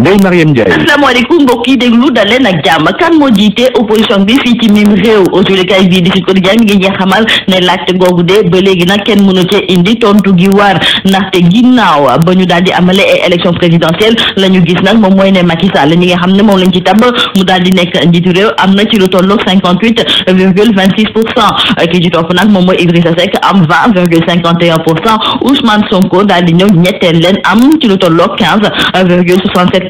Ndeye Mariam Ndiaye asalaamaaleykum mbokk yi déglu da leen ak kan mo jité opposition bi fi ci même réew autolikaay bii di ci Quotidien mi ngi ñuy xamal né lacc googu dé ba légui nak kenn mënu ci indi tontu gi waar ndaxte ginnaaw ba ñu daldi amalé élection présidentielle la gis nak mom moy né Macky Sall ñi nga xamné ne lañ ci tabb mu daldi nekk réew amna ci lu tolloog cinquante huit virgule vingt six pour cent ki ci topp nag Idrissa Seck am 20,51% virgule cinquante et un pour cent Ousmane Sonko daldi di ñettel ñetteel leen am ci lu tolloog quinze virgule soixante sept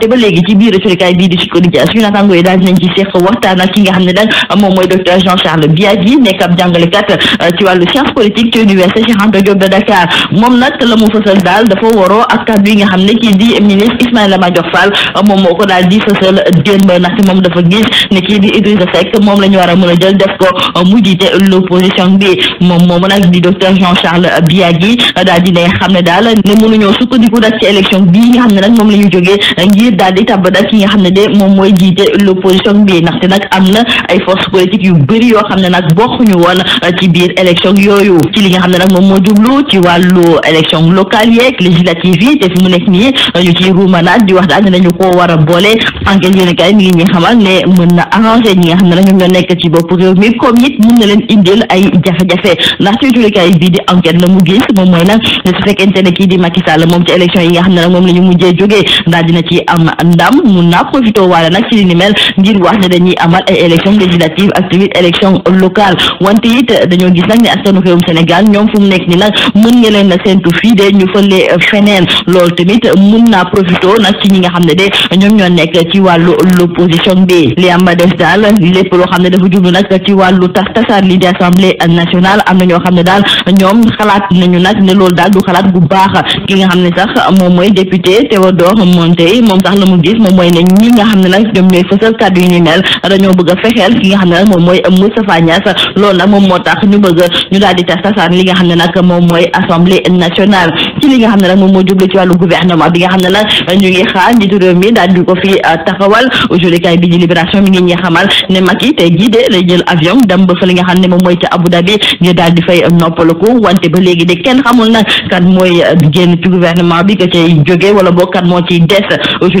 wante ba léegi ci biir surikaay bii di Sud Quotidien suñu naataango yi daal dinañ ci seq waxtaan ak ki nga xam ne daal moom mooy docteur Jean Charles Biagui nekk ab jàngalekat euh, ci wàllu science politique ci université Cheikh xam ne euh, moo ko daal di fësal démb nag moom dafa gis ne kii di Idrissa Seck la ñu war a mën a jël def ko euh, mu jiite l'opposition bi di docteur Jean Charles Biagui daal di ne ne daal ne mënuñoo sukkandiku nag ci élection bii nga xam ne nag moom la ñu jógee ngir daal di tabb nag ki nga xam ne de moom mooy jiite l'opposition bi ndaxte nag am na ay force politique yu bëri yoo xam ne nag euh, li nga xam ne nag moom moo jublu ci wàllu élection locale yeeg législative yi te fi mu nekk nii euh, ñu ci ruumanaat di wax daal ne dañu koo a boole enquête yéen kay mi ngi ñuy xamal ne mën na arranger ñi nag ñoom su fekkente ne kii di Macky moom ci élection yi nga xam ne nag moom la mujjee jógee daal dina ci am na ndam mun na profité waale nag ci li ni mel ngir wax ne dañuy amal ay élection législative ak tamit élection locale wante it dañu gis nak ni askanu réewum Sénégal ñom fu mu nekk ni nak mën nga leen na seentu fi de ñu fële feneen loolu tamit mun naa profité nag ci ñi nga xam de ñoom ñoo nekk ci walu l'opposition bi li am ba des dal lépp loo xam dafa jublu nak ci walu tas li di nationale am na ñoo xam ne daal ñoom xalaat nañu nag ne loolu du xalaat bu baax ki nga sax député Théodore Monté, mom sax la mu gis moom mooy ne ñi nga xam ne nag ñoom ñooy fësal kàddu yi ni mel dañoo bëgg a fexeel ki nga xam ne nag moom mooy Moustapha Niass loolu nag moom moo tax ñu bëgg ñu daal di tas tasaan li nga xam ne assemblée nationale ci li nga xam ne nag moom moo jublu ci wàllu gouvernement bi nga xam ne nag ñu ngi euh, ba fa li nga xam ne moom mooy ca Abu Dhabi ngir daal di fay noppaliku wante ba léegi de kenn xamul nag kan mooy euh, génn ci gouvernement bi ka cay jóge wala boo kan moo ciy des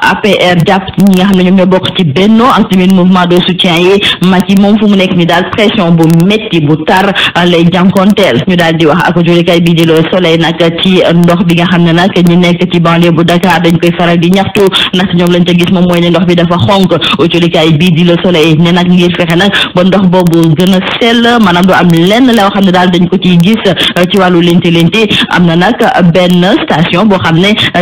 APR jàpp ci ñi nga xam ne ñoom ñoo ci Benno ak tamit mouvement de soutien yi ma ci mom fu mu nek ni dal pression bu metti bu tar lay jankontel ñu dal di wax ak kay bi di Le Soleil nak ci ndox bi nga xam nak ñu nek ci banlieue bu Dakar dañ koy faral di ñaxtu nak ñom lañ ca gis mom moy ne ndox bi dafa xonk kay bi di Le Soleil ne nak ngir fexé nak ba ndox bobu gën sel manam do am lenn la xam dal dañ ko ci gis ci walu lenti lenti am na nag station bo xam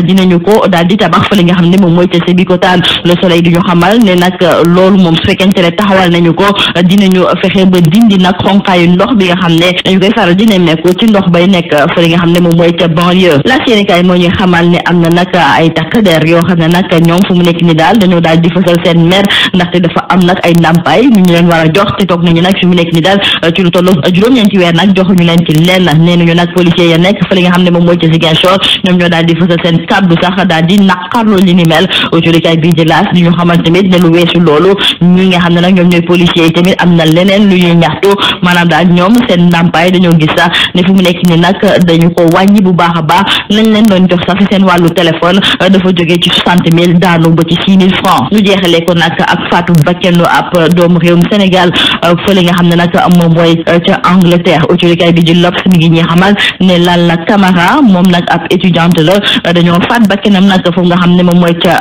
dinañu ko dal di tabax fa li nga xam mom moom mooy ca Sébikotane le soleil di ñu xamal ne nag loolu moom su fekkente ko dinañu fexe ba dindi nag bi nga xam ne dañu koy faral di nemmeeku ci ndox ne moom mooy moo ñuy xamal ne am na nag ay takk yoo xam ne nag ñoom mu nekk ni daal dañoo daal di fësal seen mer ndaxte dafa am nag ay ndàmpaay ñu ñu leen war mu nekk ni daal ci lu toll juróom-ñeenti weer nag joxuñu leen ñoom ñoo daal fësal seen kàddu sax daal di naqarlu li ni mel autorité bii di laas di ñu xamal tamit ne lu weesu loolu ñi nga xam ne nag ñoom ñooy policiers yi tamit am na leneen lu ñuy ñaxtu maanaam daal ñoom seen ndàmpaay dañoo gis sax ne fi mu nekk ni nag dañu ko wàññi bu baax a baax lañ leen doon jox sax seen wàllu téléphone dafa jógee ci soixante mille daanu ba ci six mille francs ñu jeexalee ko nag ak faatu bakkenu ab doomu réewum Sénégal fële nga xam ne nag moom mooy ca Angleterre autorité bi di L'Obs mi ngi ñuy xamal ne la Camara moom nag ab étudiante la dañoo faat bakkenam nag foofu nga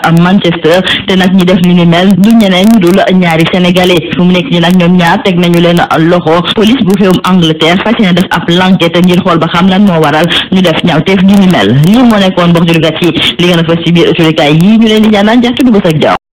am Manchester te nag ñi def li ni mel du ñeneen ñu dul ñaari sénégalais fu mu nekk ñi nag ñoom ñaar teg nañu leen loxo police bu réewum Angleterre fas yéene def ab enquête ngir xool ba xam lan moo waral ñu def ñaawteef gi ni mel lii moo nekkoon mbokk jullikat yi ñu leen di ñaanaan jaxtu du bës ak jaww